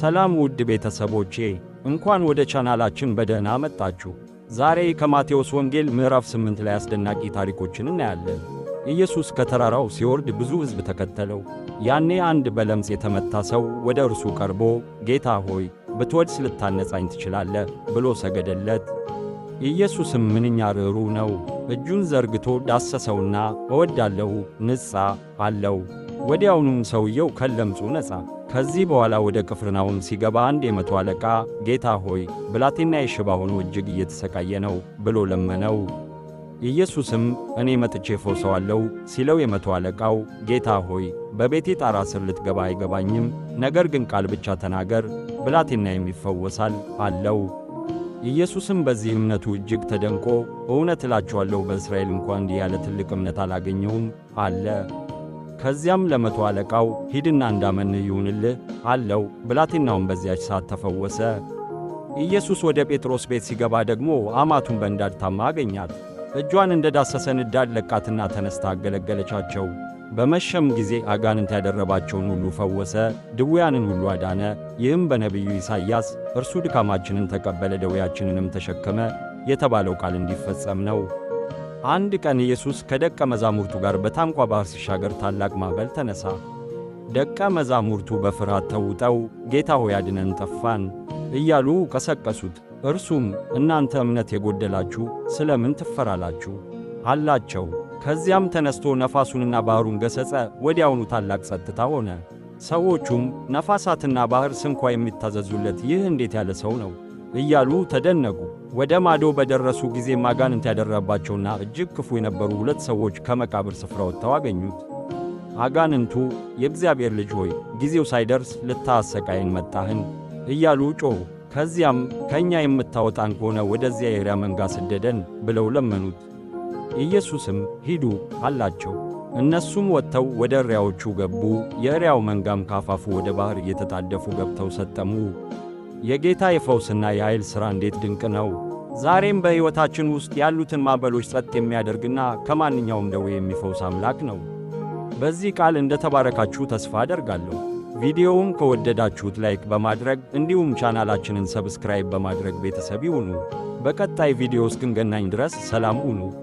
ሰላም ውድ ቤተሰቦቼ እንኳን ወደ ቻናላችን በደህና መጣችሁ። ዛሬ ከማቴዎስ ወንጌል ምዕራፍ 8 ላይ አስደናቂ ታሪኮችን እናያለን። ኢየሱስ ከተራራው ሲወርድ ብዙ ሕዝብ ተከተለው። ያኔ አንድ በለምጽ የተመታ ሰው ወደ እርሱ ቀርቦ ጌታ ሆይ ብትወድስ ልታነጻኝ ትችላለህ ብሎ ሰገደለት። ኢየሱስም ምንኛ ርኅሩ ነው! እጁን ዘርግቶ ዳሰሰውና እወዳለሁ ንጻ አለው። ወዲያውኑም ሰውየው ከለምጹ ነጻ። ከዚህ በኋላ ወደ ቅፍርናሆም ሲገባ አንድ የመቶ አለቃ ጌታ ሆይ ብላቴና የሽባ ሆኖ እጅግ እየተሰቃየ ነው ብሎ ለመነው። ኢየሱስም እኔ መጥቼ ፈውሰዋለሁ ሲለው የመቶ አለቃው ጌታ ሆይ በቤቴ ጣራ ስር ልትገባ አይገባኝም፣ ነገር ግን ቃል ብቻ ተናገር ብላቴናዬም ይፈወሳል አለው። ኢየሱስም በዚህ እምነቱ እጅግ ተደንቆ እውነት እላችኋለሁ በእስራኤል እንኳ እንዲህ ያለ ትልቅ እምነት አላገኘውም አለ። ከዚያም ለመቶ አለቃው ሂድና እንዳመን ይሁንልህ አለው። ብላቴናውን በዚያች ሰዓት ተፈወሰ። ኢየሱስ ወደ ጴጥሮስ ቤት ሲገባ ደግሞ አማቱን በንዳድ ታማ አገኛት። እጇን እንደ ዳሰሰ ንዳድ ለቃትና ተነስታ አገለገለቻቸው። በመሸም ጊዜ አጋንንት ያደረባቸውን ሁሉ ፈወሰ፣ ድውያንን ሁሉ አዳነ። ይህም በነቢዩ ኢሳይያስ እርሱ ድካማችንን ተቀበለ፣ ደዌያችንንም ተሸከመ የተባለው ቃል እንዲፈጸም ነው። አንድ ቀን ኢየሱስ ከደቀ መዛሙርቱ ጋር በታንኳ ባሕር ሲሻገር ታላቅ ማዕበል ተነሣ። ደቀ መዛሙርቱ በፍርሃት ተውጠው ጌታ ሆይ አድነን፣ ጠፋን እያሉ ቀሰቀሱት። እርሱም እናንተ እምነት የጎደላችሁ ስለ ምን ትፈራላችሁ አላቸው። ከዚያም ተነሥቶ ነፋሱንና ባሕሩን ገሠጸ። ወዲያውኑ ታላቅ ጸጥታ ሆነ። ሰዎቹም ነፋሳትና ባሕር ስንኳ የሚታዘዙለት ይህ እንዴት ያለ ሰው ነው እያሉ ተደነቁ። ወደ ማዶ በደረሱ ጊዜ ማጋንንት ያደረባቸውና እጅግ ክፉ የነበሩ ሁለት ሰዎች ከመቃብር ስፍራ ወጥተው አገኙት። አጋንንቱ የእግዚአብሔር ልጅ ሆይ ጊዜው ሳይደርስ ልታሰቃይን መጣህን? እያሉ ጮኹ። ከዚያም ከእኛ የምታወጣን ከሆነ ወደዚያ የሪያ መንጋ ስደደን ብለው ለመኑት። ኢየሱስም ሂዱ አላቸው። እነሱም ወጥተው ወደ እሪያዎቹ ገቡ። የእሪያው መንጋም ካፋፉ ወደ ባሕር እየተጣደፉ ገብተው ሰጠሙ። የጌታ የፈውስና የኃይል ሥራ እንዴት ድንቅ ነው! ዛሬም በሕይወታችን ውስጥ ያሉትን ማዕበሎች ጸጥ የሚያደርግና ከማንኛውም ደዌ የሚፈውስ አምላክ ነው። በዚህ ቃል እንደ ተባረካችሁ ተስፋ አደርጋለሁ። ቪዲዮውን ከወደዳችሁት ላይክ በማድረግ እንዲሁም ቻናላችንን ሰብስክራይብ በማድረግ ቤተሰብ ይሁኑ። በቀጣይ ቪዲዮ እስክንገናኝ ድረስ ሰላም ሁኑ።